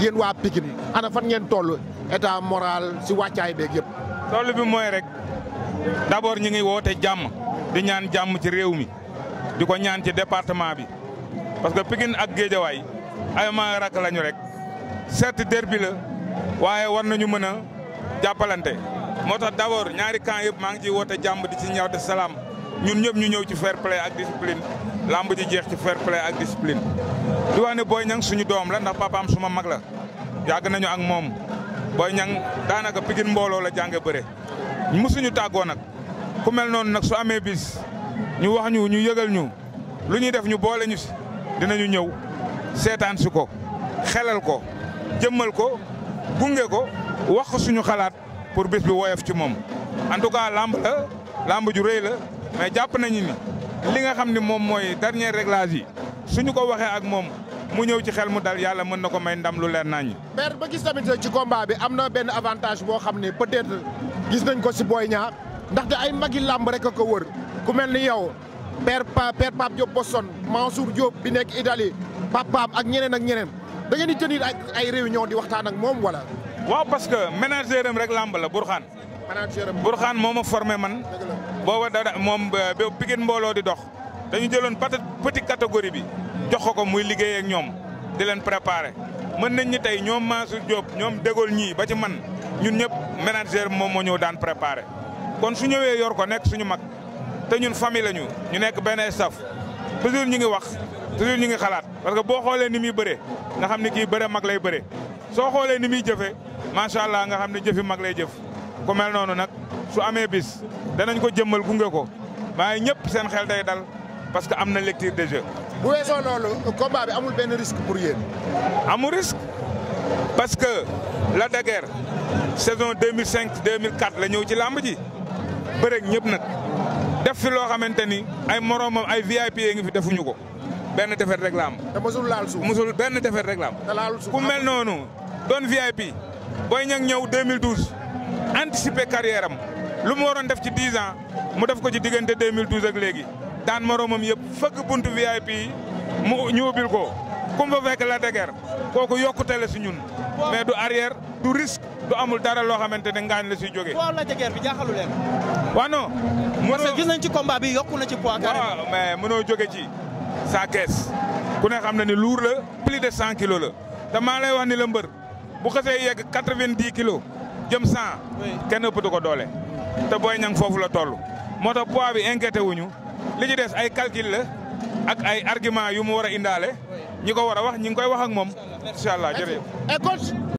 yéen waa Pikine ana fan ngeen toll état moral si wàccaay beeg yëpp. toll bi mooy rek d'abord ñu ngi woote jàmm di ñaan jàmm ci réew mi di ko ñaan ci département bi parce que Pikine ak Géejawaay ay ma rakk lañu rek certes derby la waaye war nañu mën a jàppalante moo tax d'abord ñaari kan yëpp maa ngi ciy woote jàmm di ci ñaaw salaam. ñun ñëpp ñu ñëw ci fair play ak discipline làmb ji jeex ci fair play ak discipline. di wax ne Boy Niang suñu doom la ndax papaam suma mag la yàgg nañu ak moom booy ñaŋ daanaka Pikine mbooloo la jànge bëre mësuñu tàggoo nag ku mel noonu nag su amee bis ñu wax ñu ñu yëgal ñu lu ñuy def ñu boole ñu si dinañu ñëw seetaan si ko xelal ko jëmmal ko gunge ko wax ko suñu xalaat pour bis bi woyof ci moom en tout la làmb ju rëy la. mais jàpp nañu ni li nga xam ni moom mooy dernier réglage yi suñu ko waxee ak moom mu ñëw ci xel mu dal yàlla mën na ko may ndam lu leer naññi. père ba gis tamit ci combat bi am na benn avantage boo xam ne peut-être gis nañ ko si Boy ñaar ndaxte ay magi làmb rek a ko wër ku mel ni yow père pa père Pape Diop Boston Mansour Diop bi nekk Italie Pape Pape ak ñeneen ak ñeneen da ngeen di tenir ay réunion di waxtaan ak moom wala. waaw parce que ménagère am rek làmb la Bourkhane Bourkhane moom ma formé man booba dana moom euh, ba Pikine mbooloo di dox dañu jëloon petite catégorie bi jox ko ko muy liggéeye ak ñoom di leen préparé mën nañ ñi tey ñoom Mansour Diop ñoom dégol ñii ba ci man ñun ñëpp manager moom moo ñëw daan préparé kon su ñëwee yor ko nekk suñu mag te ñun famille lañu ñu nekk benn staff toujours ñu ngi wax toujours ñu ngi xalaat parce que boo xoolee ni muy bëre nga xam ne kii bëre mag lay bëre soo xoolee ni muy jëfee macha allah nga xam ne jëfi mag lay jëf ku mel noonu nag su amee bis danañ ko jëmmal gunge ko waaye ñëpp seen xel day dal parce que am na lecture de jeu. bu weesoo loolu combat amul benn risque pour amul risque parce que la daguerre saison 2005 2004 la ñëw ci làmb ji bëreeg ñëpp nag def fi loo xamante ni ay moromam ay VIP yi ngi fi defuñu ko benn defet rek la am. te mosul laal suuf benn defet rek la ku mel doon VIP booy ñag ñëw anticiper carrière lu mu waroon def ci 10 ans mu def ko ci diggante 2012 ak léegi daan moroomam yëpp fëgg buntu VIP yi mu ñu ubbil ko ku mu fa fekk la deger kooku yokkute la si ñun mais du arrière du risque du amul dara loo xamante ne ngaañ la siy jógee. waaw la deger bi jaaxalu leen. waaw non. mënoo parce que ci combat bi yokku na ci poids carrément. waaw mais mënoo jóge ci sa kees ku ne xam na ni lourd la plus de 100 kilos la te maa lay wax ni la mbër bu xasee yegg 90 kilos. jëm 100. kenn ëppatu ko doole. te Boy Niang foofu la toll. moo tax poids bi inquiété wuñu li ci des ay calcul la ak ay argument yu mu war a indaale. ñi ko war a wax ñi ngi koy wax ak moom. incha allah jërëjëf.